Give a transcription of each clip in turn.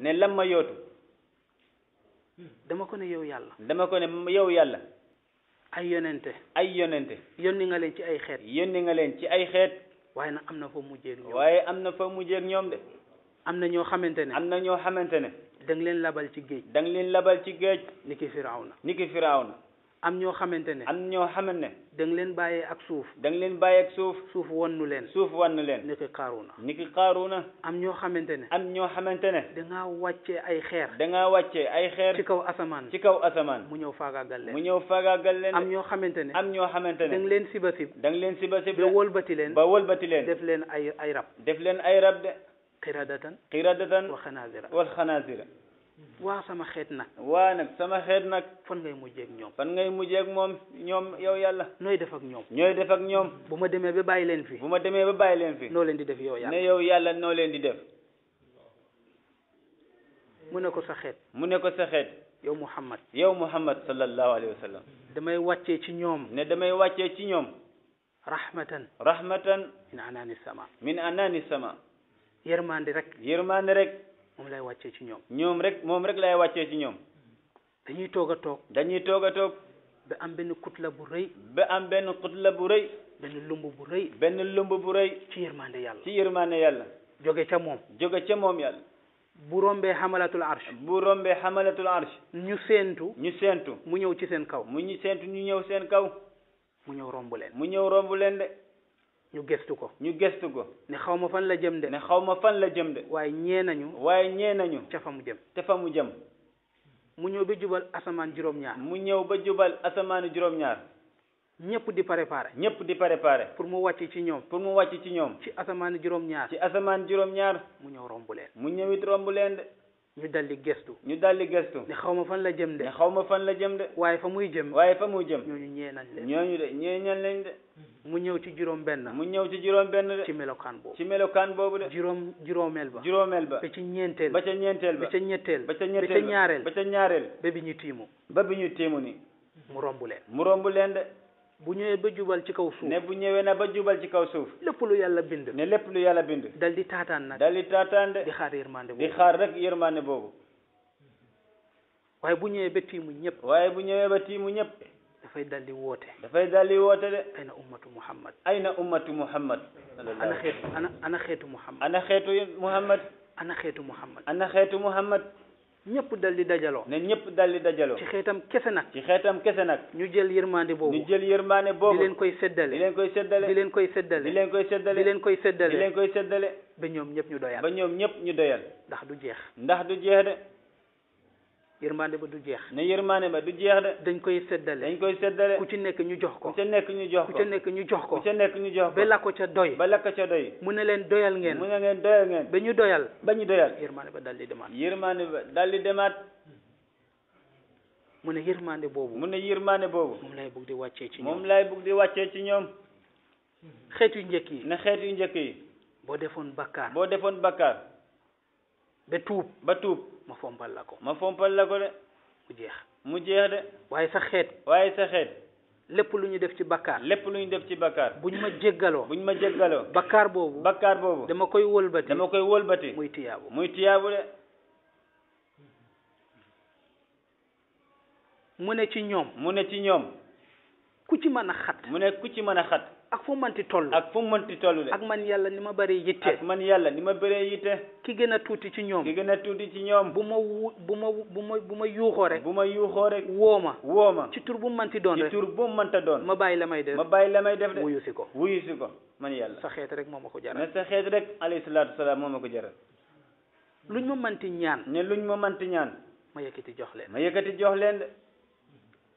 ne lam ma yootu dama ko ne yow yàlla dama ko ne yow yàlla ay yonente ay yonente yónni nga leen ci ay xeet yónni nga leen ci ay xeet waaye nag am na fa mujjee ñoom waaye am na fa mujjee ñoom de am na ñoo xamante ne am na ñoo xamante ne da leen labal ci géej da leen labal ci géej ni ki firawna ni ki firawna am ñoo xamante ne. am ñoo xamante ne. da nga leen bàyyee ak suuf. da nga leen bàyyee ak suuf. suuf wannu leen. suuf wannu leen. niki Qaaruna. niki Qaaruna. am ñoo xamante ne. am ñoo xamante ne. da ngaa wàccee ay xeer. da ngaa wàccee ay xeer. ci kaw asamaan. ci kaw asamaan. mu ñëw gal leen. mu ñëw gal leen. am ñoo xamante ne. am ñoo xamante ne. da nga leen siba sib. da nga leen siba sib. ba wëlbati leen. ba wëlbati leen. def leen ay ay rab. def leen ay rab de. qiradatan. qiradatan. wa khanazira wal khanazira waa sama xeet nag waa nag sama xeet nag fan ngay ak ñoom fan ngay ak moom ñoom yow yàlla nooy def ak ñoom ñooy def ak ñoom bu ma demee ba bàyyi leen fi bu ma demee ba bàyyi leen fi noo leen di def yow yàlla ne yow yàlla noo leen di def mu ne ko sa xeet mu ne ko sa xeet yow muhammad yow muhammad sallallahu alayhi wasallam damay wàccee ci ñoom ne damay wàccee ci ñoom rahmatan rahmatan min anani sama min anani sama yërmande rek yërmande rek moom lay wàccee ci ñoom. ñoom rek moom rek lay wàccee ci ñoom. dañuy toog a toog. dañuy toog a toog. ba am benn kutla bu rëy. ba am benn kutla bu rëy. benn lumb bu rëy. benn lumb bu rëy. ci yërmande yàlla. ci yërmande yàlla. jóge ca moom. jóge ca moom yàlla. bu rombee xamalatul arsh. bu rombee xamalatul arsh. ñu séentu. ñu séentu. mu ñëw ci seen kaw. mu ñu séentu ñu ñëw seen kaw. mu ñëw romb leen. mu ñëw romb leen de. ñu gestu ko ñu gestu ko ne xaw ma fan la jëm de ne xaw ma fan la jëm de waaye ñee nañu waaye ñee nañu ca fa mu jëm te fa mu jëm mu ñëw ba jubal asamaan juróom-ñaar mu ñëw ba jubal asamaan juróom ñëpp di préparé ñëpp di préparé pour mu wàcc ci ñoom pour mu wàcc ci ñoom ci asamaan juróom-ñaar ci asamaan juróom-ñaar mu ñëw romb leen mu ñëwit romb leen de ñu daldi gestu ñu daldi gestu ne xaw ma fan la jëm de ne xaw ma fan la jëm de waaye fa muy jëm waaye fa muy jëm ñooñu ñee ñee nañ mu ñëw ci juróom benn mu ñëw ci juróom benn de ci melokaan boobu ci melokaan boobu de juróom juróomeel ba juróomeel ba ba ci ñeenteel ba ca ñeenteel ba ba ca ñetteel ba ca ñetteel ba ca ñaareel ba ca ñaareel ba bi ñu tiimu ba bi ñu tiimu ni mu romb leen mu romb leen de bu ñëwee ba jubal ci kaw suuf ne bu ñëwee na ba jubal ci kaw suuf lépp lu yàlla bind ne lépp lu yàlla bind dal di taataan nag dal di taataan de di xaar yërmande boobu di xaar rek yërmande boobu waaye bu ñëwee ba tiimu ñëpp waaye bu ñëwee ba tiimu ñëpp faydalli woote dafay dalli woote de ayna ummatu muhammad ayna ummatu muhammad ana xeetu ana ana xeetu muhammad ana xeetu muhammad ana xeetu muhammad ana xeetu muhammad ñëpp dal di dajalo ne ñëpp dal di dajalo ci xeetam kessé nak ci xeetam kessé nak ñu jël yërmande bobu ñu jël yërmande bobu di len koy seddale di len koy seddale di len koy seddale di len koy seddale di len koy seddale di len koy seddale ba ñom ñëpp ñu doyal ba ñom ñëpp ñu doyal ndax du jeex ndax du jeex de yërmande ba du jeex ne yërmande ba du jeex de dañ koy seddale dañ koy seddale ku ci nekk ñu jox ko ku ca nekk ñu jox ko ku ca nekk ñu jox ko ku ca nekk ñu jox ko ba la ko ca doy ba la ko ca doy mu ne leen doyal ngeen mu ne leen doyal ngeen ba ñu doyal ba ñu doyal yërmande ba dal di demaat yërmande ba dal di demaat mu ne yërmande boobu mu ne yërmande boobu moom lay bugg di wàccee ci ñoom moom lay bugg di wàccee ci ñoom xeet yu njëkk yi ne xeet yu njëkk yi boo defoon bakkaar boo defoon bakkaar ba tuub ba tuub ma fompal la ko ma fompal la ko de mu jeex mu jeex de waaye sa xeet waaye sa xeet lépp lu ñu def ci bakkaar lépp lu ñu def ci bakkaar bu ñu ma jéggaloo bu ñu ma jéggaloo bakkaar boobu bakkaar boobu dama koy wëlbati dama koy wëlbati muy tiyaabu muy tiyaabu de mu ne ci ñoom mu ne ci ñoom ku ci mën a xat mu ne ku ci mën a xat ak fu manti toll ak fu manti toll de ak man yàlla ni ma bëree yitte ak man yàlla ni ma bëree yitte ki gën a tuuti ci ñoom ki gën a tuuti ci ñoom bu ma wu bu ma bu ma bu ma yuuxoo rek bu ma yuuxoo rek woo ma woo ma ci tur bu manti doon rek ci tur bu manta doon ma bàyyi la may def ma bàyyi la may def de wuyu si ko wuyu si ko man yàlla sa xeet rek moo ma ko jaral mais sa xeet rek alayhi salaatu salaam ma ko jaral luñ ma manti ñaan ne luñ ma manti ñaan jox leen de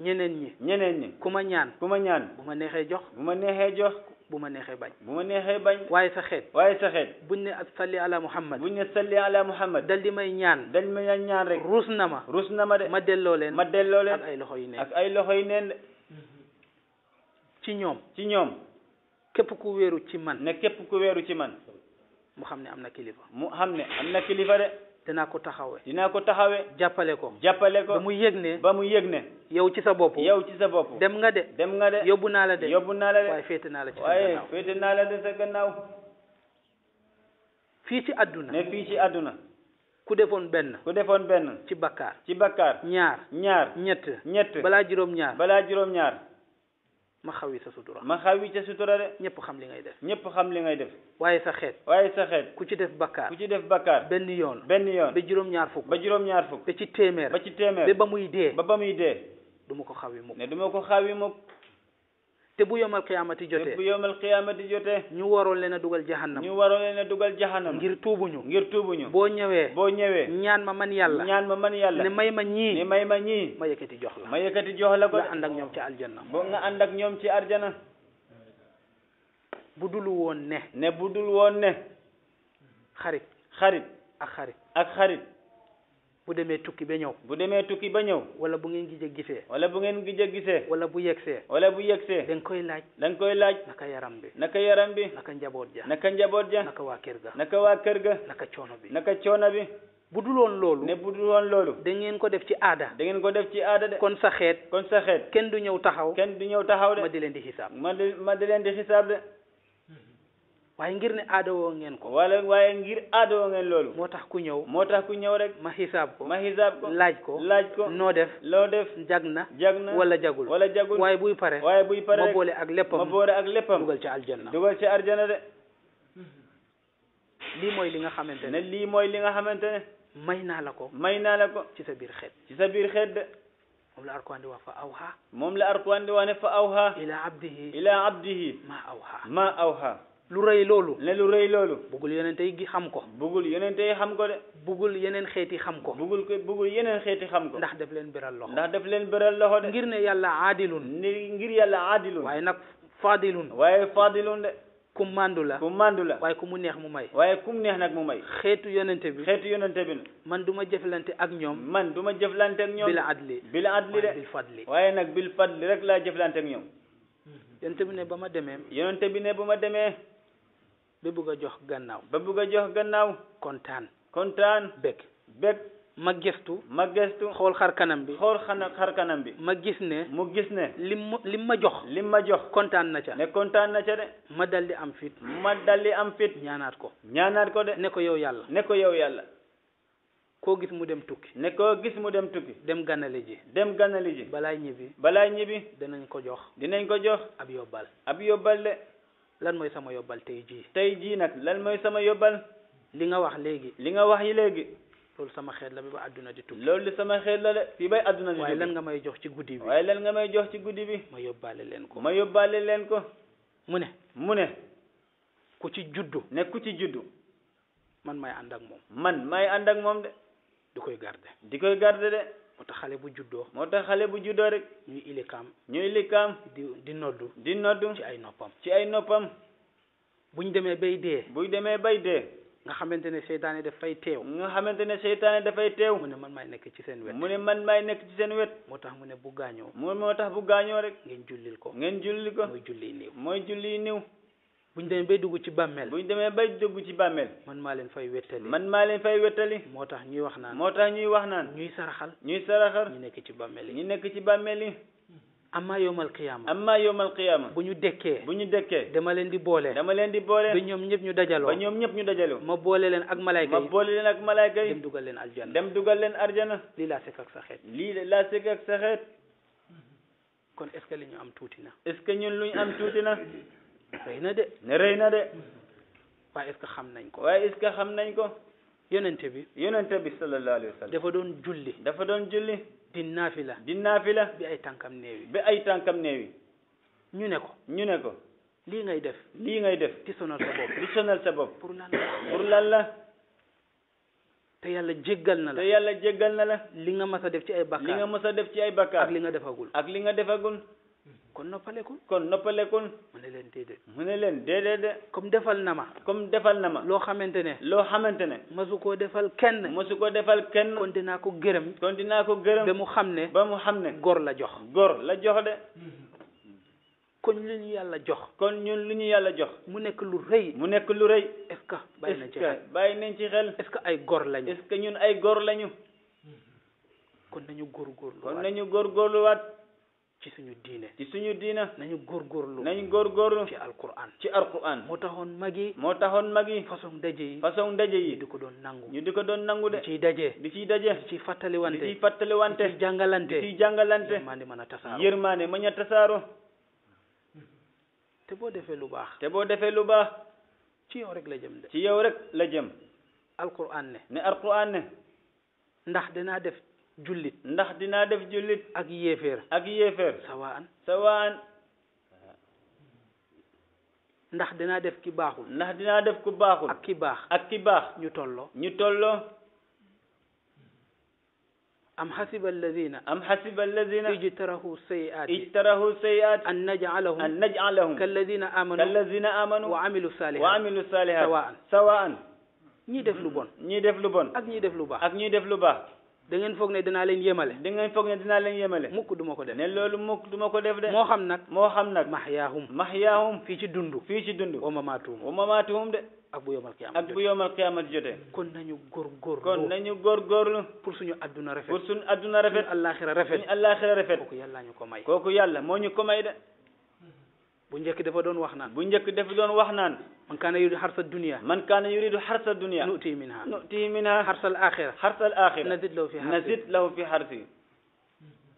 ñeneen ñi ñeneen ñi ku ma ñaan ku ma ñaan bu ma neexee jox bu ma neexee jox bu ma neexee bañ bu ma neexee bañ waaye sa xeet waaye sa xeet buñ ne ak salli ala muhammad buñ ne salli ala muhammad dal di may ñaan dal may ñaan rek ruus na ma ruus na ma de ma delloo leen ma delloo leen ak ay loxo yu neen ak ay loxo yu neen ci ñoom ci ñoom képp ku wéeru ci man ne képp ku weeru ci man mu xam ne am na kilifa mu xam ne am na kilifa de dinaa ko taxawee. dinaa ko taxawee. jàppale ko. jàppale ko ba mu yëg ne. ba mu yég ne. yow ci sa bopp. yow ci sa bopp. dem nga de. dem nga de yóbbu naa la de. yóbbu naa la de waaye féete naa la ci sa naa la de sa gannaaw. fii ci àdduna. ne fii ci àdduna. ku defoon benn. ku defoon benn. ci bakkaar. ci bakkaar. ñaar ñaar ñett. ñett balaa juróom ñaar. balaa juróom ñaar. ma xawi sa sutura ma xawi sa sutura de ñëpp xam li ngay def ñëpp xam li ngay def waaye sa xeet waaye sa xeet ku ci def bakkaar ku ci def bakkaar benn yoon benn yoon ba juróom-ñaar fukk ba juróom-ñaar fukk ba ci téeméer ba ci téeméer ba ba muy dee ba ba muy dee du ma ko xawi mukk ne du ko xawi mukk te bu yomal qiyaamati jotee te bu yomal qiyaamati jotee ñu waroon leen a dugal jahannam ñu waroon leen a dugal jahannam ngir tuubuñu ngir tuubuñu boo ñëwee boo ñëwee ñaan ma man yàlla ñaan ma man yàlla ne may ma ñii ne may ma ñii ma yëkkati jox la ma yëkkati jox la ko nga ànd ak ñoom ci aljanna boo nga ànd ñoom ci aljanna bu dul woon ne ne bu dul woon ne xarit xarit ak xarit ak xarit bu demee tukki ba ñëw bu demee tukki ba ñëw wala bu ngeen gijë gisee wala bu ngeen gijë gisee wala bu yegsee wala bu yegsee da nga koy laaj da nga koy laaj naka yaram bi naka yaram bi naka njaboot ja naka njaboot ja naka waa kër ga naka waa kër ga naka coono bi naka coono bi bu dul woon loolu ne bu dul woon loolu da ngeen ko def ci aada da ngeen ko def ci aada de kon sa xeet kon sa xeet kenn du ñëw taxaw kenn du ñëw taxaw de ma di leen di xisaab ma di ma di leen di xisaab de waaye ngir ne aadawoo ngeen ko wala waaye ngir aadawoo ngeen loolu moo tax ku ñëw moo tax ku ñëw rek ma xisaab ko ma xisaab ko laaj ko laaj ko noo def loo def jag na jag na wala jagul wala jagul waaye buy pare waaye buy pare ma boole ak léppam ma boole ak léppam dugal ci aljanna dugal ci aljanna de lii mooy li nga xamante ne lii mooy li nga xamante ne may naa la ko may naa la ko ci sa biir xeet ci sa biir xeet de moom la arkuwaan di wax fa awha moom la arkuwaan di ne fa awha ila abdihi ila abdihi ma awha ma awha lu rëy loolu. ne lu rëy loolu. bëggul yonente yi xam ko. bëggul yonente yi xam ko de. bëggul yeneen xeeti xam ko. bëggul ko bëggul yeneen xeeti xam ko. ndax def leen beral loxo. ndax def leen beral loxo de. ngir ne yàlla aadilun. ngir yàlla aadilun. waaye nag faadilun. waaye faadilun de. ku mandu la ku mandu la waaye ku mu neex mu may waaye ku mu neex nag mu may xeetu yonente bi xeetu yonente bi na man du ma jëflante ak ñoom man du ma jëflante ak ñoom bila adli bila adli de bil fadli waaye nag bil fadli rek laa jëflante ak ñoom hmm. ba bugg a jox gannaaw ba bugg a jox gannaaw kontaan kontaan bég bég ma gëstu ma gëstu xool xar kanam bi xool xana xar kanam bi ma gis ne mu gis ne lim ma lim ma jox li ma jox kontaan na ca ne kontaan na ca de ma daldi am fit ma daldi am fit ñaanaat ko ñaanaat ko de ne ko yow yàlla ne ko yow yàlla koo gis mu dem tukki ne ko gis mu dem tukki dem ganale ji dem ganale ji balaay ñibbi balaay ñibbi danañ ko jox dinañ ko jox ab yobal ab yóbbal de lan mooy sama yóbbal tey jii tey jii nag lan mooy sama yóbbal li nga wax léegi li nga wax yi léegi loolu sama xeet la bi ba àdduna di tukki loolu sama xeet la de fii bay àdduna di tukki waaye lan nga may jox ci guddi bi waaye lan nga may jox ci guddi bi ma yóbbaale leen ko ma yóbbaale leen ko mu ne mu ne ku ci juddu ne ku ci juddu man may ànd ak moom man may ànd ak moom de di koy garde di koy garde de moo tax xale bu juddoo. moo tax xale bu juddoo rek. ñuy ilikaam. ñuy ilikaam. di di noddu. di noddu. ci ay noppam. ci ay noppam. buñ demee bay dee. buñ demee bay dee. nga xamante ne seytaane dafay teew. nga xamante ne seytaane dafay teew. mu ne man maay nekk ci seen wet. mu man maay nekk ci seen wet. moo tax mu ne bu gaañoo. moo moo tax bu gaañoo rek. ngeen jullil ko. ngeen jullil ko. mooy julli niw. mooy julli niw. bu ñu demee bay dugg ci bàmmeel bu ñu demee bay dugg ci bàmmeel man maa leen fay wettali man maa leen fay wettali moo tax ñuy wax naan moo tax ñuy wax naan ñuy saraxal ñuy saraxal ñu nekk ci bàmmeel yi ñu nekk ci bàmmeel yi amma yowmal qiyaama amma yowmal qiyaama bu ñu dekkee bu ñu dekkee dama leen di boole dama leen di boole ba ñoom ñëpp ñu dajaloo ba ñoom ñëpp ñu dajaloo ma boole leen ak malayka yi ma boole leen ak malayka yi dem dugal leen aljana dem dugal leen arjana lii laa laa sekk ak li ñu am tuuti na est ce que ñu am tuuti na rëy na de ne rëy na de waaye est-ce que xam nañ ko waaye est-ce que xam nañ ko yonente bi yonente bi sallallahu alayhi wa sallam dafa doon julli dafa doon julli di naafila di naafila bi ay tànkam néewi bi ay tànkam néewi ñu ne ko ñu ne ko lii ngay def lii ngay def di sonal sa bopp di sa bopp pour lan lan la te yàlla jéggal na la te yàlla jéggal na la li nga mas a def ci ay bakkaar li nga mas a def ci ay bakkaar ak li nga defagul ak li nga defagul kon noppalekun kon noppalekun mu ne leen déedéet mu ne leen déedéet comme defal na ma comme defal na ma loo xamante ne loo xamante ne masu koo defal kenn masu koo defal kenn kon dinaa ko gërëm kon dina ko gërëm ba mu xam ne ba mu xam ne góor la jox góor la jox de kon lu ñu yàlla jox kon ñun lu ñu yàlla jox mu nekk lu rëy mu nekk lu rëy est ce que bàyyi nañ ci xel bàyyi nañ ci xel est ce que ay góor lañu est ñun ay góor lañu kon nañu góorgóorlu kon nañu góorgóorluwaat ci suñu diine ci suñu diine nañu góorgóorlu nañu góorgóorlu ci alquran ci alquran moo taxoon mag yi moo taxoon mag yi façon daje yi façon ndaje yi di ko doon nangu ñu di ko doon nangu de ciy daje di ciy daje di ciy fàttaliwante di ciy fàttaliwante di ciy jàngalante di ciy jàngalante yërmaande mën a tasaaro yërmaande mën a tasaaro te boo defee lu baax te boo defee lu baax ci yow rek la jëm de ci yow rek la jëm alquran ne ne alquran ne ndax danaa def jullit ndax dinaa def jullit ak yéeféer ak yéeféer sawaan sawaan ndax dinaa def ki baaxul ndax dinaa def ku baaxul ak ki ak ki ñu tolloo ñu tolloo am xasiba alladina am xasiba alladina ijtarahu sayiat ijtarahu sayiat an najcalahum an najcalahum kalladina amanu kalladina amanu wa amilu salihat wa amilu salihat def lu bon ñii def lu ak ñii def lu baax ak ñii def lu baax da ngeen foog ne dinaa leen yemale da ngeen foog ne dinaa leen yemale mukk du ma ko def ne loolu mukk du ko def de moo xam nag moo xam nag mahyaahum mahyaahum fii ci dund fii ci dund wa mamaatuhum wa mamaatuhum de ak bu yomal qiyaama ak bu yomal qiyaama jotee kon nañu góorgóorlu kon nañu góorgóorlu pour suñu adduna rafet pour suñu adduna rafet suñu allaaxira rafet suñu allaaxira rafet kooku yàlla ñu ko may kooku yàlla moo ñu ko may de بنجك دفع دون وحنان بنجك دفع دون وحنان من كان يريد حرث الدنيا من كان يريد حرث الدنيا نؤتي منها نؤتي منها حرث الآخرة حرث الآخرة نزيد له في حرثي نزيد له في حرثي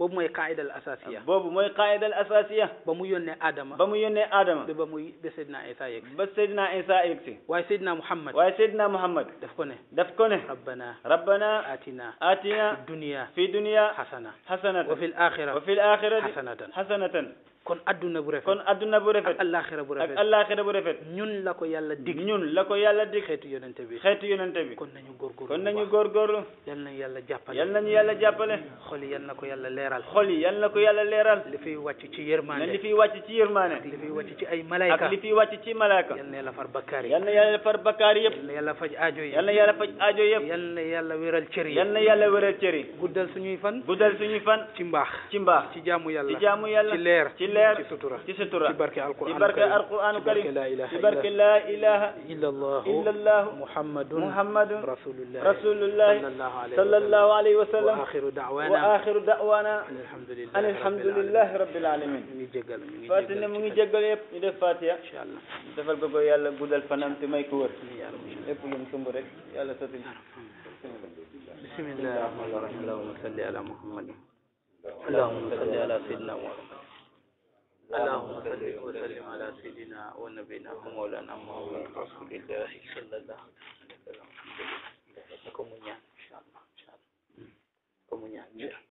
بوب موي قاعدة الأساسية بوب موي قاعدة الأساسية بموين آدم بموين آدم بموي بسيدنا إيسا يكسي بسيدنا إيسا يكسي واي سيدنا محمد واي سيدنا محمد دفكوني دفكوني ربنا ربنا آتنا آتنا الدنيا في دنيا حسنة حسنة وفي الآخرة وفي الآخرة حسنة, حسنة kon adduna bu rafet kon adduna bu rafet ak allaaxira bu rafet ak allaaxira bu rafet ñun la ko yàlla dig ñun la ko yàlla dig xeetu yonente bi xeetu yonente bi kon nañu góorgóorlu kon nañu góorgóorlu yal nañu yàlla jàppale yal nañu yàlla jàppale xol yi yal na ko yàlla leeral xol yi yal na ko yàlla leeral li fiy wàcc ci yërmaane li fiy wàcc ci yërmaane ak li fiy wàcc ci ay malayka ak li fiy wàcc ci malayka yal na yàlla far bakkaar yal na yàlla far bakkaar yëpp yal na yàlla faj aajo yëpp yal na yàlla faj aajo yëpp yal na yàlla wéral cër yi yal na yàlla wéral cër yi guddal suñuy fan guddal suñuy fan ci mbaax ci mbaax ci jaamu yàlla ci jaamu yàlla ci leer leer ci sutura ci barke alquran karim ci barke laa ilaha illa allah muhammadun muhammadun rasulullah sallallahu alayhi wa sallam wa akhiru da'wana an alhamdulillahi rabbil alamin fati ne mu ngi jéggal yëpp ñu def fatiha defal ko ko yàlla guddal fanam te may ko wër lépp lu mu sumb rek yàlla sotti بسم الله الرحمن الرحيم اللهم صل على محمد اللهم صل على سيدنا محمد اللهم صل وسلم على سيدنا ونبينا ومولانا محمد رسول الله صلى الله عليه وسلم komunyan insyaallah insyaallah komunyan